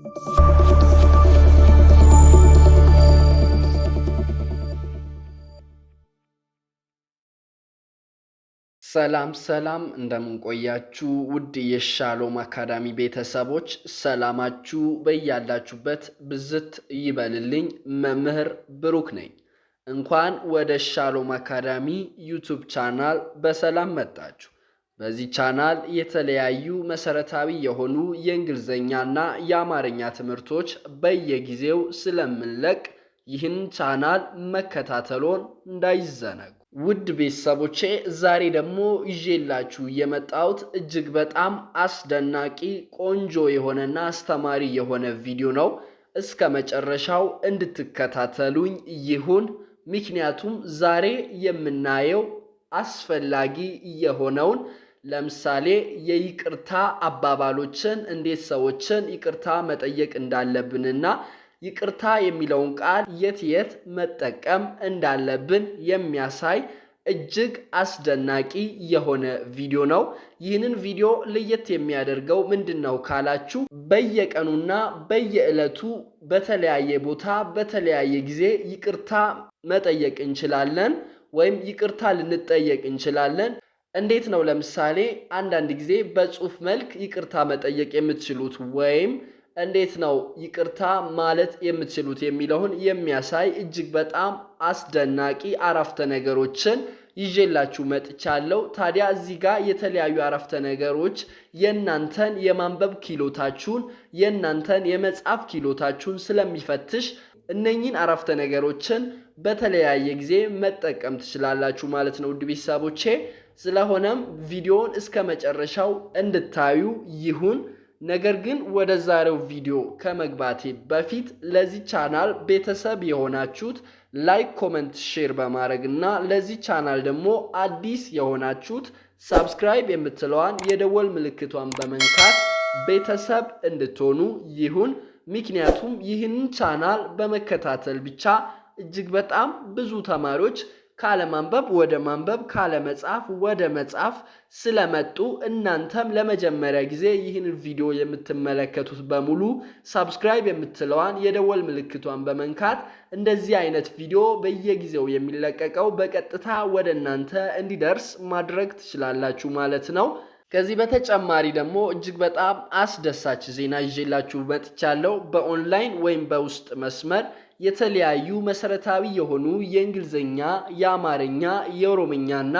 ሰላም ሰላም፣ እንደምንቆያችሁ ውድ የሻሎም አካዳሚ ቤተሰቦች ሰላማችሁ በያላችሁበት ብዝት ይበልልኝ። መምህር ብሩክ ነኝ። እንኳን ወደ ሻሎም አካዳሚ ዩቱብ ቻናል በሰላም መጣችሁ። በዚህ ቻናል የተለያዩ መሰረታዊ የሆኑ የእንግሊዝኛና የአማርኛ ትምህርቶች በየጊዜው ስለምንለቅ ይህን ቻናል መከታተሎን እንዳይዘነጉ። ውድ ቤተሰቦቼ ዛሬ ደግሞ ይዤላችሁ የመጣሁት እጅግ በጣም አስደናቂ ቆንጆ የሆነና አስተማሪ የሆነ ቪዲዮ ነው። እስከ መጨረሻው እንድትከታተሉኝ ይሁን። ምክንያቱም ዛሬ የምናየው አስፈላጊ የሆነውን ለምሳሌ የይቅርታ አባባሎችን እንዴት ሰዎችን ይቅርታ መጠየቅ እንዳለብንና ይቅርታ የሚለውን ቃል የት የት መጠቀም እንዳለብን የሚያሳይ እጅግ አስደናቂ የሆነ ቪዲዮ ነው። ይህንን ቪዲዮ ለየት የሚያደርገው ምንድን ነው ካላችሁ በየቀኑና በየዕለቱ በተለያየ ቦታ በተለያየ ጊዜ ይቅርታ መጠየቅ እንችላለን፣ ወይም ይቅርታ ልንጠየቅ እንችላለን። እንዴት ነው? ለምሳሌ አንዳንድ ጊዜ በጽሁፍ መልክ ይቅርታ መጠየቅ የምትችሉት ወይም እንዴት ነው ይቅርታ ማለት የምትችሉት የሚለውን የሚያሳይ እጅግ በጣም አስደናቂ አረፍተ ነገሮችን ይዤላችሁ መጥቻለሁ። ታዲያ እዚህ ጋር የተለያዩ አረፍተ ነገሮች የእናንተን የማንበብ ኪሎታችሁን የእናንተን የመጻፍ ኪሎታችሁን ስለሚፈትሽ እነኚህን አረፍተ ነገሮችን በተለያየ ጊዜ መጠቀም ትችላላችሁ ማለት ነው ውድ ቤተሰቦቼ። ስለሆነም ቪዲዮውን እስከ መጨረሻው እንድታዩ ይሁን። ነገር ግን ወደ ዛሬው ቪዲዮ ከመግባቴ በፊት ለዚህ ቻናል ቤተሰብ የሆናችሁት ላይክ፣ ኮመንት፣ ሼር በማድረግ እና ለዚህ ቻናል ደግሞ አዲስ የሆናችሁት ሳብስክራይብ የምትለዋን የደወል ምልክቷን በመንካት ቤተሰብ እንድትሆኑ ይሁን። ምክንያቱም ይህንን ቻናል በመከታተል ብቻ እጅግ በጣም ብዙ ተማሪዎች ካለማንበብ ወደ ማንበብ ካለመጻፍ ወደ መጽሐፍ ስለመጡ እናንተም ለመጀመሪያ ጊዜ ይህን ቪዲዮ የምትመለከቱት በሙሉ ሳብስክራይብ የምትለዋን የደወል ምልክቷን በመንካት እንደዚህ አይነት ቪዲዮ በየጊዜው የሚለቀቀው በቀጥታ ወደ እናንተ እንዲደርስ ማድረግ ትችላላችሁ ማለት ነው። ከዚህ በተጨማሪ ደግሞ እጅግ በጣም አስደሳች ዜና ይዤላችሁ መጥቻለሁ። በኦንላይን ወይም በውስጥ መስመር የተለያዩ መሰረታዊ የሆኑ የእንግሊዝኛ፣ የአማርኛ፣ የኦሮምኛና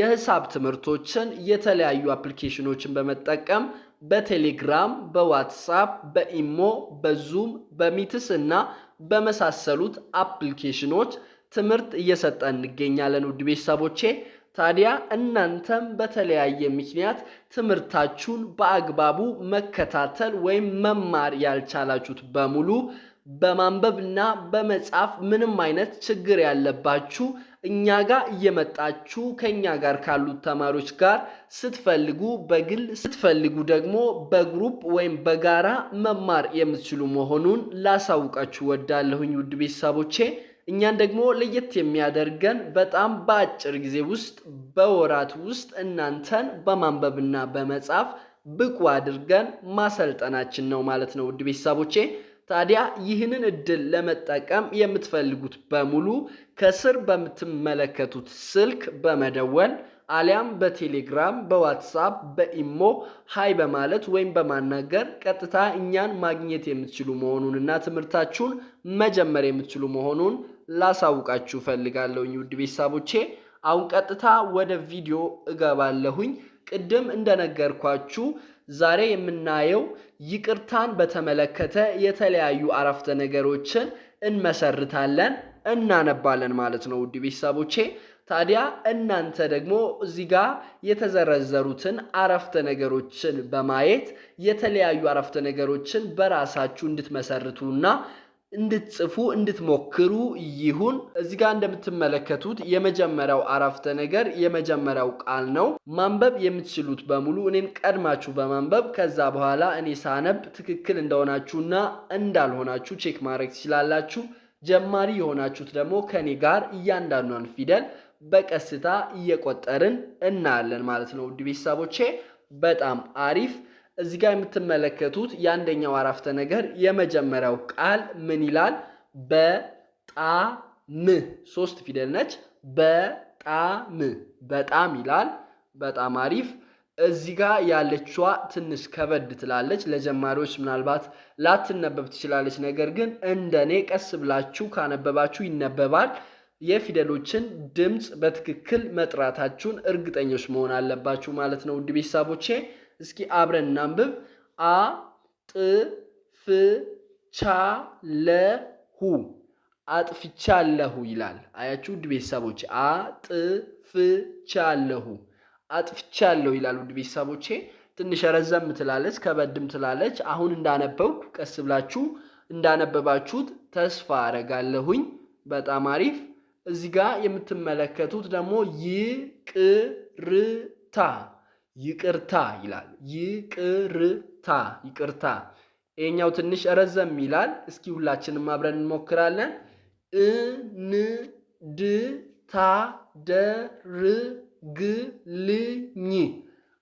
የሂሳብ ትምህርቶችን የተለያዩ አፕሊኬሽኖችን በመጠቀም በቴሌግራም፣ በዋትሳፕ፣ በኢሞ፣ በዙም፣ በሚትስ እና በመሳሰሉት አፕሊኬሽኖች ትምህርት እየሰጠ እንገኛለን። ውድ ቤተሰቦቼ ታዲያ እናንተም በተለያየ ምክንያት ትምህርታችሁን በአግባቡ መከታተል ወይም መማር ያልቻላችሁት በሙሉ በማንበብና በመጻፍ ምንም አይነት ችግር ያለባችሁ እኛ ጋር እየመጣችሁ ከእኛ ጋር ካሉት ተማሪዎች ጋር ስትፈልጉ በግል ስትፈልጉ ደግሞ በግሩፕ ወይም በጋራ መማር የምትችሉ መሆኑን ላሳውቃችሁ ወዳለሁኝ ውድ ቤተሰቦቼ። እኛን ደግሞ ለየት የሚያደርገን በጣም በአጭር ጊዜ ውስጥ በወራት ውስጥ እናንተን በማንበብና በመጻፍ ብቁ አድርገን ማሰልጠናችን ነው ማለት ነው ውድ ቤተሰቦቼ። ታዲያ ይህንን እድል ለመጠቀም የምትፈልጉት በሙሉ ከስር በምትመለከቱት ስልክ በመደወል አሊያም በቴሌግራም፣ በዋትሳፕ፣ በኢሞ ሀይ በማለት ወይም በማናገር ቀጥታ እኛን ማግኘት የምትችሉ መሆኑን እና ትምህርታችሁን መጀመር የምትችሉ መሆኑን ላሳውቃችሁ ፈልጋለሁኝ። ውድ ቤተሰቦቼ። አሁን ቀጥታ ወደ ቪዲዮ እገባለሁኝ። ቅድም እንደነገርኳችሁ ዛሬ የምናየው ይቅርታን በተመለከተ የተለያዩ አረፍተ ነገሮችን እንመሰርታለን፣ እናነባለን ማለት ነው። ውድ ቤተሰቦቼ ታዲያ እናንተ ደግሞ እዚህ ጋር የተዘረዘሩትን አረፍተ ነገሮችን በማየት የተለያዩ አረፍተ ነገሮችን በራሳችሁ እንድትመሰርቱና እንድትጽፉ እንድትሞክሩ ይሁን። እዚህ ጋር እንደምትመለከቱት የመጀመሪያው አረፍተ ነገር የመጀመሪያው ቃል ነው። ማንበብ የምትችሉት በሙሉ እኔን ቀድማችሁ በማንበብ ከዛ በኋላ እኔ ሳነብ ትክክል እንደሆናችሁና እንዳልሆናችሁ ቼክ ማድረግ ትችላላችሁ። ጀማሪ የሆናችሁት ደግሞ ከእኔ ጋር እያንዳንዷን ፊደል በቀስታ እየቆጠርን እናያለን ማለት ነው። ውድ ቤተሰቦቼ በጣም አሪፍ እዚህ ጋር የምትመለከቱት የአንደኛው አረፍተ ነገር የመጀመሪያው ቃል ምን ይላል? በጣም ሶስት ፊደል ነች። በጣም በጣም ይላል። በጣም አሪፍ። እዚህ ጋር ያለችዋ ትንሽ ከበድ ትላለች። ለጀማሪዎች ምናልባት ላትነበብ ትችላለች። ነገር ግን እንደኔ ቀስ ብላችሁ ካነበባችሁ ይነበባል። የፊደሎችን ድምፅ በትክክል መጥራታችሁን እርግጠኞች መሆን አለባችሁ ማለት ነው ውድ ቤተሰቦቼ። እስኪ አብረን እናንብብ። አ ጥ ፍ ቻ ለ ሁ አጥፍቻለሁ ይላል። አያችሁ ውድ ቤተሰቦቼ፣ አጥፍቻለሁ አጥፍቻለሁ ይላል። ውድ ቤተሰቦቼ ትንሽ ረዘም ትላለች፣ ከበድም ትላለች። አሁን እንዳነበብኩ ቀስ ብላችሁ እንዳነበባችሁት ተስፋ አረጋለሁኝ። በጣም አሪፍ። እዚህ ጋር የምትመለከቱት ደግሞ ይቅርታ ይቅርታ ይላል። ይቅርታ ይቅርታ። ይሄኛው ትንሽ ረዘም ይላል። እስኪ ሁላችንም አብረን እንሞክራለን። እንድታደርግልኝ።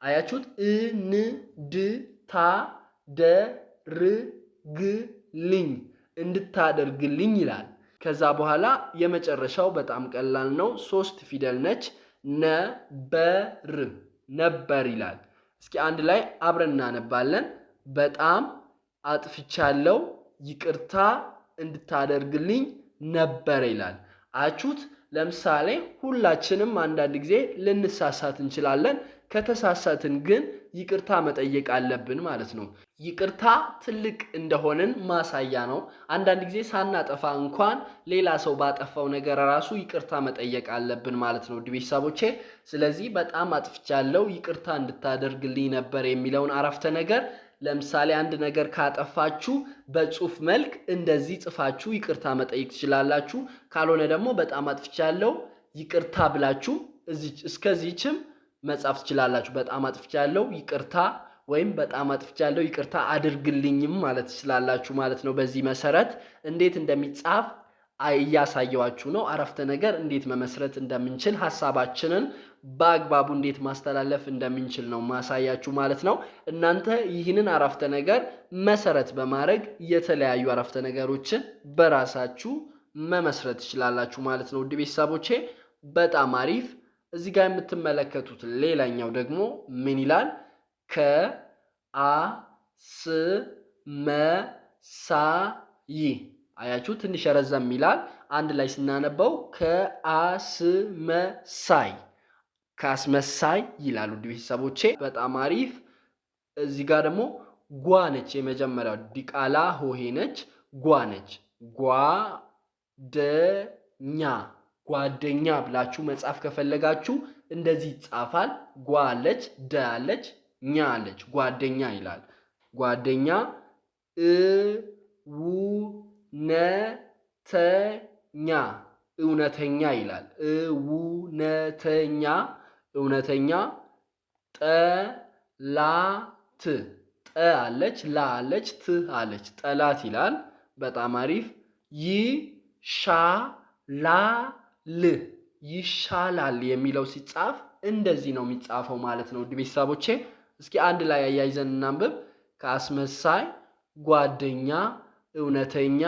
አያችሁት? እንድታደርግልኝ እንድታደርግልኝ ይላል። ከዛ በኋላ የመጨረሻው በጣም ቀላል ነው። ሶስት ፊደል ነች። ነበር ነበር ይላል። እስኪ አንድ ላይ አብረን እናነባለን። በጣም አጥፍቻለሁ ይቅርታ እንድታደርግልኝ ነበር ይላል። አቹት ለምሳሌ ሁላችንም አንዳንድ ጊዜ ልንሳሳት እንችላለን። ከተሳሳትን ግን ይቅርታ መጠየቅ አለብን ማለት ነው። ይቅርታ ትልቅ እንደሆንን ማሳያ ነው። አንዳንድ ጊዜ ሳናጠፋ እንኳን ሌላ ሰው ባጠፋው ነገር ራሱ ይቅርታ መጠየቅ አለብን ማለት ነው። ውድ ቤተሰቦቼ፣ ስለዚህ በጣም አጥፍቻለሁ ይቅርታ እንድታደርግልኝ ነበር የሚለውን አረፍተ ነገር ለምሳሌ አንድ ነገር ካጠፋችሁ በጽሁፍ መልክ እንደዚህ ጽፋችሁ ይቅርታ መጠየቅ ትችላላችሁ። ካልሆነ ደግሞ በጣም አጥፍቻለሁ ይቅርታ ብላችሁ እስከዚህችም መጻፍ ትችላላችሁ። በጣም አጥፍቻለሁ ይቅርታ ወይም በጣም አጥፍቻለሁ ይቅርታ አድርግልኝም ማለት ትችላላችሁ ማለት ነው። በዚህ መሰረት እንዴት እንደሚጻፍ እያሳየዋችሁ ነው። አረፍተ ነገር እንዴት መመስረት እንደምንችል ሀሳባችንን በአግባቡ እንዴት ማስተላለፍ እንደምንችል ነው ማሳያችሁ ማለት ነው። እናንተ ይህንን አረፍተ ነገር መሰረት በማድረግ የተለያዩ አረፍተ ነገሮችን በራሳችሁ መመስረት ትችላላችሁ ማለት ነው። ውድ ቤተሰቦቼ በጣም አሪፍ እዚህ ጋር የምትመለከቱት ሌላኛው ደግሞ ምን ይላል? ከአስመሳይ አያችሁ፣ ትንሽ ረዘም ይላል። አንድ ላይ ስናነበው ከአስመሳይ ከአስመሳይ ይላሉ። ውድ ቤተሰቦቼ በጣም አሪፍ። እዚህ ጋር ደግሞ ነች የመጀመሪያው ዲቃላ ሆሄ ነች ጓ ነች። ጓደኛ ጓደኛ ብላችሁ መጻፍ ከፈለጋችሁ እንደዚህ ይጻፋል። ጓ አለች፣ ደ አለች፣ ኛ አለች። ጓደኛ ይላል። ጓደኛ እ ው ነ ተ ኛ እውነተኛ ይላል። እውነተኛ ላ ት ጠ አለች ላ አለች ት አለች ጠላት ይላል። በጣም አሪፍ ላ ል ይሻላል የሚለው ሲጻፍ እንደዚህ ነው የሚጻፈው ማለት ነው። ውድ ቤተሰቦቼ እስኪ አንድ ላይ አያይዘን እናንብብ። ከአስመሳይ ጓደኛ፣ እውነተኛ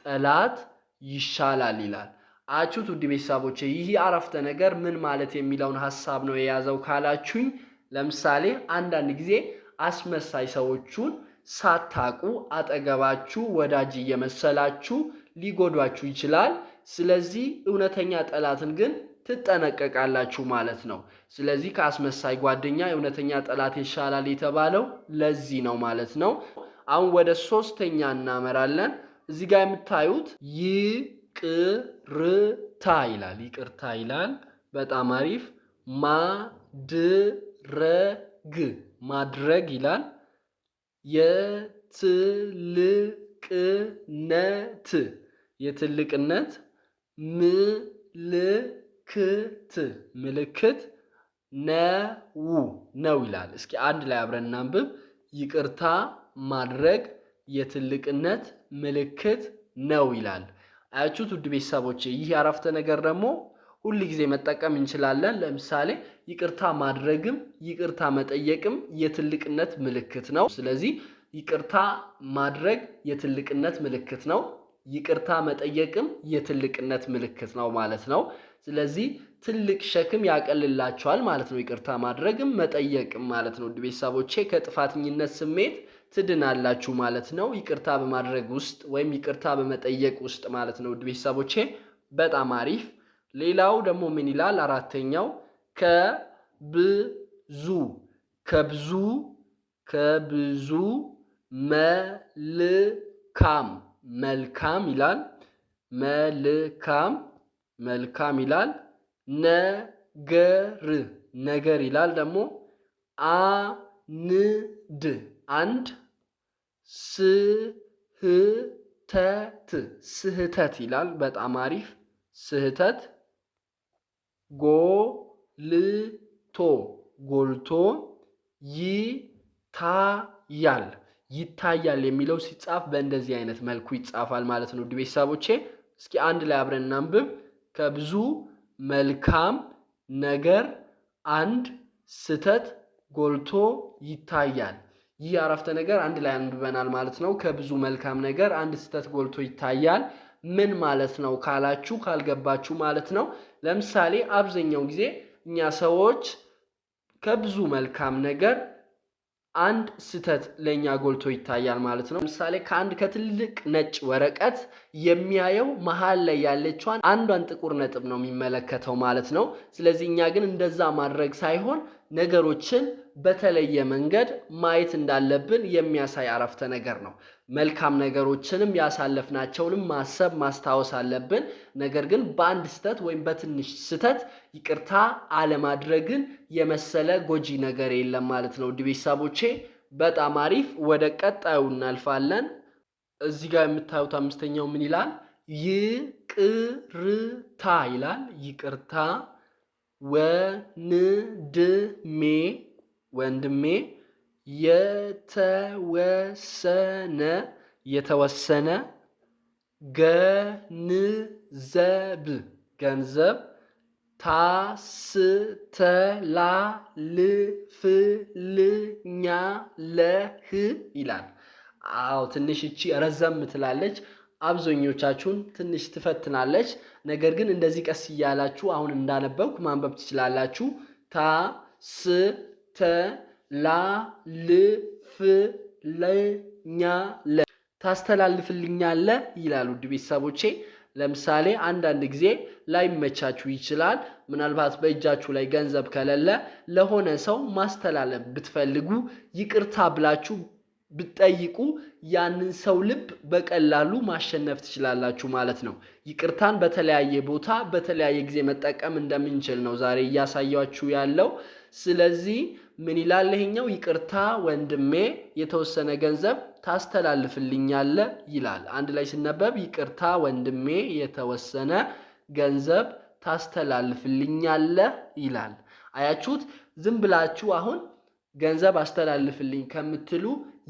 ጠላት ይሻላል ይላል። አችሁት ውድ ቤተሰቦቼ ይህ አረፍተ ነገር ምን ማለት የሚለውን ሀሳብ ነው የያዘው ካላችሁኝ፣ ለምሳሌ አንዳንድ ጊዜ አስመሳይ ሰዎቹን ሳታቁ አጠገባችሁ ወዳጅ እየመሰላችሁ ሊጎዷችሁ ይችላል። ስለዚህ እውነተኛ ጠላትን ግን ትጠነቀቃላችሁ ማለት ነው። ስለዚህ ከአስመሳይ ጓደኛ የእውነተኛ ጠላት ይሻላል የተባለው ለዚህ ነው ማለት ነው። አሁን ወደ ሶስተኛ እናመራለን። እዚህ ጋር የምታዩት ይቅርታ ይላል። ይቅርታ ይላል። በጣም አሪፍ። ማድረግ ማድረግ ይላል። የትልቅነት የትልቅነት ምልክት ምልክት ነው ነው ይላል። እስኪ አንድ ላይ አብረን እናንብብ። ይቅርታ ማድረግ የትልቅነት ምልክት ነው ይላል። አያችሁት ውድ ቤተሰቦቼ፣ ይህ አረፍተ ነገር ደግሞ ሁል ጊዜ መጠቀም እንችላለን። ለምሳሌ ይቅርታ ማድረግም ይቅርታ መጠየቅም የትልቅነት ምልክት ነው። ስለዚህ ይቅርታ ማድረግ የትልቅነት ምልክት ነው። ይቅርታ መጠየቅም የትልቅነት ምልክት ነው ማለት ነው። ስለዚህ ትልቅ ሸክም ያቀልላቸዋል ማለት ነው። ይቅርታ ማድረግም መጠየቅም ማለት ነው። ውድ ቤተሰቦቼ ከጥፋተኝነት ስሜት ትድናላችሁ ማለት ነው። ይቅርታ በማድረግ ውስጥ ወይም ይቅርታ በመጠየቅ ውስጥ ማለት ነው። ውድ ቤተሰቦቼ በጣም አሪፍ። ሌላው ደግሞ ምን ይላል? አራተኛው ከብዙ ከብዙ ከብዙ መልካም መልካም ይላል። መልካም መልካም ይላል። ነገር ነገር ይላል። ደግሞ አንድ አንድ ስህተት ስህተት ይላል። በጣም አሪፍ ስህተት ጎልቶ ጎልቶ ይታያል ይታያል የሚለው ሲጻፍ በእንደዚህ አይነት መልኩ ይጻፋል ማለት ነው። ውድ ቤተሰቦቼ እስኪ አንድ ላይ አብረን እናንብብ። ከብዙ መልካም ነገር አንድ ስተት ጎልቶ ይታያል። ይህ አረፍተ ነገር አንድ ላይ አንብበናል ማለት ነው። ከብዙ መልካም ነገር አንድ ስተት ጎልቶ ይታያል። ምን ማለት ነው ካላችሁ ካልገባችሁ ማለት ነው። ለምሳሌ አብዛኛው ጊዜ እኛ ሰዎች ከብዙ መልካም ነገር አንድ ስህተት ለእኛ ጎልቶ ይታያል ማለት ነው። ለምሳሌ ከአንድ ከትልቅ ነጭ ወረቀት የሚያየው መሀል ላይ ያለችዋን አንዷን ጥቁር ነጥብ ነው የሚመለከተው ማለት ነው። ስለዚህ እኛ ግን እንደዛ ማድረግ ሳይሆን ነገሮችን በተለየ መንገድ ማየት እንዳለብን የሚያሳይ አረፍተ ነገር ነው። መልካም ነገሮችንም ያሳለፍናቸውንም ማሰብ ማስታወስ አለብን። ነገር ግን በአንድ ስህተት ወይም በትንሽ ስህተት ይቅርታ አለማድረግን የመሰለ ጎጂ ነገር የለም ማለት ነው። ውድ ቤተሰቦቼ በጣም አሪፍ። ወደ ቀጣዩ እናልፋለን። እዚህ ጋር የምታዩት አምስተኛው ምን ይላል? ይቅርታ ይላል። ይቅርታ ወንድሜ ወንድሜ የተወሰነ የተወሰነ ገንዘብ ገንዘብ ታስተላልፍልኛለህ ይላል። አዎ ትንሽ እቺ ረዘም ትላለች። አብዛኞቻችሁን ትንሽ ትፈትናለች። ነገር ግን እንደዚህ ቀስ እያላችሁ አሁን እንዳነበብኩ ማንበብ ትችላላችሁ። ታስተ ላልፍለኛለ ታስተላልፍልኛለ ይላል። ውድ ቤተሰቦቼ ለምሳሌ አንዳንድ ጊዜ ላይመቻችሁ ይችላል። ምናልባት በእጃችሁ ላይ ገንዘብ ከሌለ ለሆነ ሰው ማስተላለፍ ብትፈልጉ ይቅርታ ብላችሁ ብትጠይቁ ያንን ሰው ልብ በቀላሉ ማሸነፍ ትችላላችሁ ማለት ነው። ይቅርታን በተለያየ ቦታ በተለያየ ጊዜ መጠቀም እንደምንችል ነው ዛሬ እያሳያችሁ ያለው። ስለዚህ ምን ይላል ይሄኛው? ይቅርታ ወንድሜ የተወሰነ ገንዘብ ታስተላልፍልኛለ ይላል። አንድ ላይ ሲነበብ ይቅርታ ወንድሜ የተወሰነ ገንዘብ ታስተላልፍልኛለ ይላል። አያችሁት? ዝም ብላችሁ አሁን ገንዘብ አስተላልፍልኝ ከምትሉ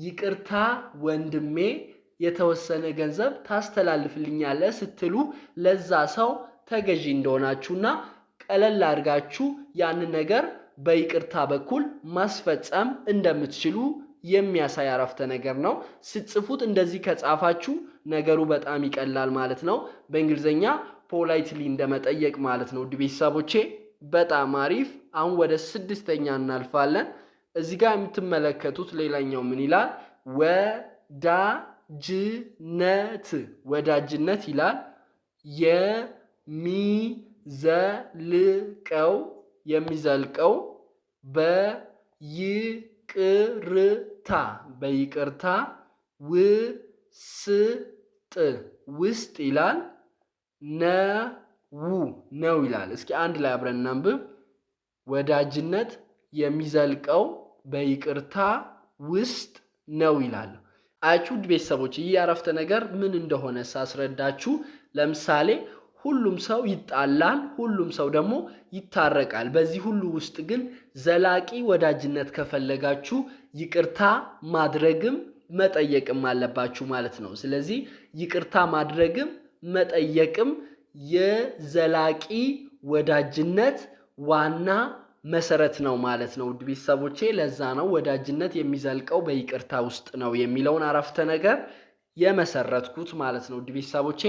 ይቅርታ ወንድሜ የተወሰነ ገንዘብ ታስተላልፍልኛለ ስትሉ ለዛ ሰው ተገዢ እንደሆናችሁና ቀለል አድርጋችሁ ያንን ነገር በይቅርታ በኩል ማስፈጸም እንደምትችሉ የሚያሳይ አረፍተ ነገር ነው። ስትጽፉት እንደዚህ ከጻፋችሁ ነገሩ በጣም ይቀላል ማለት ነው። በእንግሊዝኛ ፖላይትሊ እንደመጠየቅ ማለት ነው። ውድ ቤተሰቦቼ በጣም አሪፍ። አሁን ወደ ስድስተኛ እናልፋለን። እዚህ ጋር የምትመለከቱት ሌላኛው ምን ይላል? ወዳጅነት ወዳጅነት ይላል የሚዘልቀው የሚዘልቀው በይቅርታ በይቅርታ ውስጥ ውስጥ ይላል ነው ነው ይላል። እስኪ አንድ ላይ አብረን እናንብብ። ወዳጅነት የሚዘልቀው በይቅርታ ውስጥ ነው ይላል። አያችሁ ውድ ቤተሰቦች ይህ አረፍተ ነገር ምን እንደሆነ ሳስረዳችሁ ለምሳሌ ሁሉም ሰው ይጣላል፣ ሁሉም ሰው ደግሞ ይታረቃል። በዚህ ሁሉ ውስጥ ግን ዘላቂ ወዳጅነት ከፈለጋችሁ ይቅርታ ማድረግም መጠየቅም አለባችሁ ማለት ነው። ስለዚህ ይቅርታ ማድረግም መጠየቅም የዘላቂ ወዳጅነት ዋና መሰረት ነው ማለት ነው። ውድ ቤተሰቦቼ ለዛ ነው ወዳጅነት የሚዘልቀው በይቅርታ ውስጥ ነው የሚለውን አረፍተ ነገር የመሰረትኩት ማለት ነው። ውድ ቤተሰቦቼ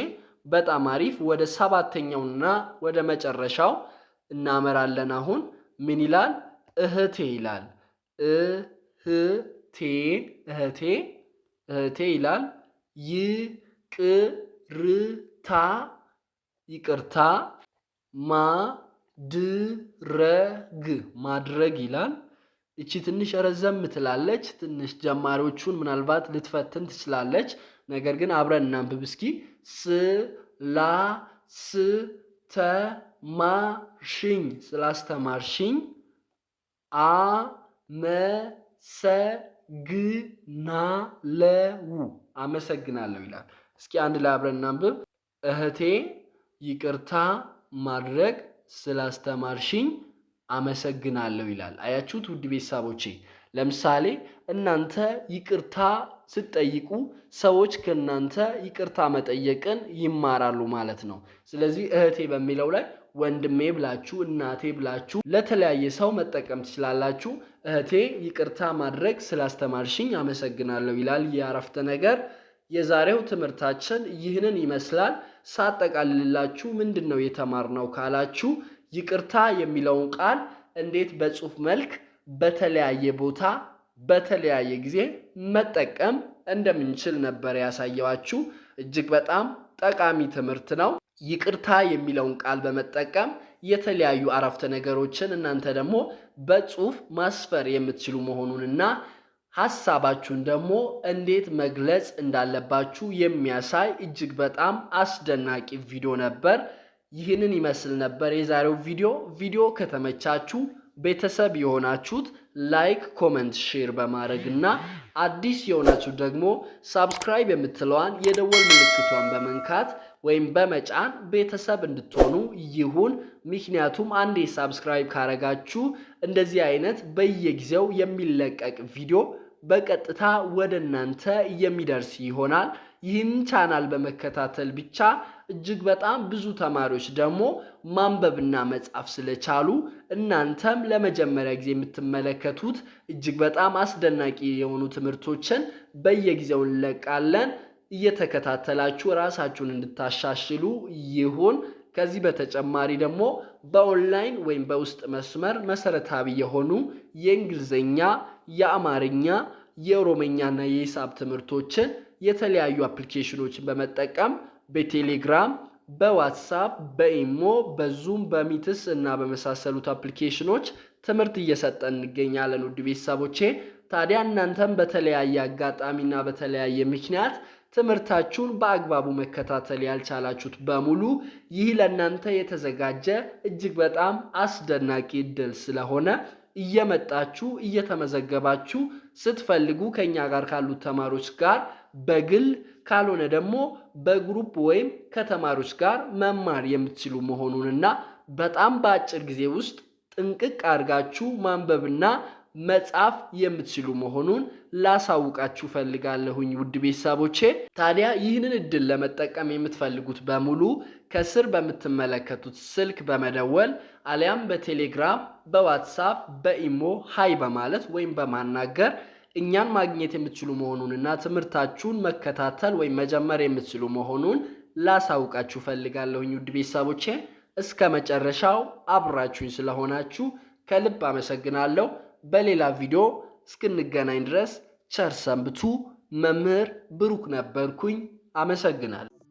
በጣም አሪፍ። ወደ ሰባተኛውና ወደ መጨረሻው እናመራለን። አሁን ምን ይላል? እህቴ ይላል። እህቴ እህቴ እህቴ ይላል። ይቅርታ ይቅርታ ማድረግ ማድረግ ይላል። እቺ ትንሽ ረዘም ትላለች። ትንሽ ጀማሪዎቹን ምናልባት ልትፈትን ትችላለች። ነገር ግን አብረን እናንብብ እስኪ ስላስተማርሽኝ ስላስተማርሽኝ አመሰግናለው አመሰግናለሁ ይላል። እስኪ አንድ ላይ አብረን እናንብብ። እህቴ ይቅርታ ማድረግ ስላስተማርሽኝ አመሰግናለሁ ይላል። አያችሁት ውድ ቤተሰቦቼ። ለምሳሌ እናንተ ይቅርታ ስትጠይቁ ሰዎች ከእናንተ ይቅርታ መጠየቅን ይማራሉ ማለት ነው። ስለዚህ እህቴ በሚለው ላይ ወንድሜ ብላችሁ እናቴ ብላችሁ ለተለያየ ሰው መጠቀም ትችላላችሁ። እህቴ ይቅርታ ማድረግ ስላስተማርሽኝ አመሰግናለሁ ይላል የአረፍተ ነገር። የዛሬው ትምህርታችን ይህንን ይመስላል። ሳጠቃልላችሁ ምንድን ነው የተማርነው ካላችሁ ይቅርታ የሚለውን ቃል እንዴት በጽሁፍ መልክ በተለያየ ቦታ በተለያየ ጊዜ መጠቀም እንደምንችል ነበር ያሳየዋችሁ። እጅግ በጣም ጠቃሚ ትምህርት ነው። ይቅርታ የሚለውን ቃል በመጠቀም የተለያዩ አረፍተ ነገሮችን እናንተ ደግሞ በጽሁፍ ማስፈር የምትችሉ መሆኑንና ሀሳባችሁን ደግሞ እንዴት መግለጽ እንዳለባችሁ የሚያሳይ እጅግ በጣም አስደናቂ ቪዲዮ ነበር። ይህንን ይመስል ነበር የዛሬው ቪዲዮ። ቪዲዮ ከተመቻችሁ ቤተሰብ የሆናችሁት ላይክ፣ ኮመንት፣ ሼር በማድረግ እና አዲስ የሆናችሁ ደግሞ ሳብስክራይብ የምትለዋን የደወል ምልክቷን በመንካት ወይም በመጫን ቤተሰብ እንድትሆኑ ይሁን። ምክንያቱም አንዴ ሳብስክራይብ ካረጋችሁ እንደዚህ አይነት በየጊዜው የሚለቀቅ ቪዲዮ በቀጥታ ወደ እናንተ የሚደርስ ይሆናል። ይህን ቻናል በመከታተል ብቻ እጅግ በጣም ብዙ ተማሪዎች ደግሞ ማንበብና መጻፍ ስለቻሉ እናንተም ለመጀመሪያ ጊዜ የምትመለከቱት እጅግ በጣም አስደናቂ የሆኑ ትምህርቶችን በየጊዜው እንለቃለን። እየተከታተላችሁ ራሳችሁን እንድታሻሽሉ ይሁን። ከዚህ በተጨማሪ ደግሞ በኦንላይን ወይም በውስጥ መስመር መሰረታዊ የሆኑ የእንግሊዝኛ፣ የአማርኛ፣ የኦሮመኛና የሂሳብ ትምህርቶችን የተለያዩ አፕሊኬሽኖችን በመጠቀም በቴሌግራም በዋትሳፕ በኢሞ በዙም በሚትስ እና በመሳሰሉት አፕሊኬሽኖች ትምህርት እየሰጠን እንገኛለን። ውድ ቤተሰቦቼ ታዲያ እናንተም በተለያየ አጋጣሚና በተለያየ ምክንያት ትምህርታችሁን በአግባቡ መከታተል ያልቻላችሁት በሙሉ ይህ ለእናንተ የተዘጋጀ እጅግ በጣም አስደናቂ እድል ስለሆነ እየመጣችሁ እየተመዘገባችሁ ስትፈልጉ ከእኛ ጋር ካሉት ተማሪዎች ጋር በግል ካልሆነ ደግሞ በግሩፕ ወይም ከተማሪዎች ጋር መማር የምትችሉ መሆኑንና በጣም በአጭር ጊዜ ውስጥ ጥንቅቅ አድርጋችሁ ማንበብና መጻፍ የምትችሉ መሆኑን ላሳውቃችሁ ፈልጋለሁኝ ውድ ቤተሰቦቼ። ታዲያ ይህንን እድል ለመጠቀም የምትፈልጉት በሙሉ ከስር በምትመለከቱት ስልክ በመደወል አሊያም በቴሌግራም፣ በዋትሳፕ፣ በኢሞ ሀይ በማለት ወይም በማናገር እኛን ማግኘት የምትችሉ መሆኑንና ትምህርታችሁን መከታተል ወይም መጀመር የምትችሉ መሆኑን ላሳውቃችሁ ፈልጋለሁኝ። ውድ ቤተሰቦቼ እስከ መጨረሻው አብራችሁኝ ስለሆናችሁ ከልብ አመሰግናለሁ። በሌላ ቪዲዮ እስክንገናኝ ድረስ ቸር ሰንብቱ። መምህር ብሩክ ነበርኩኝ። አመሰግናለሁ።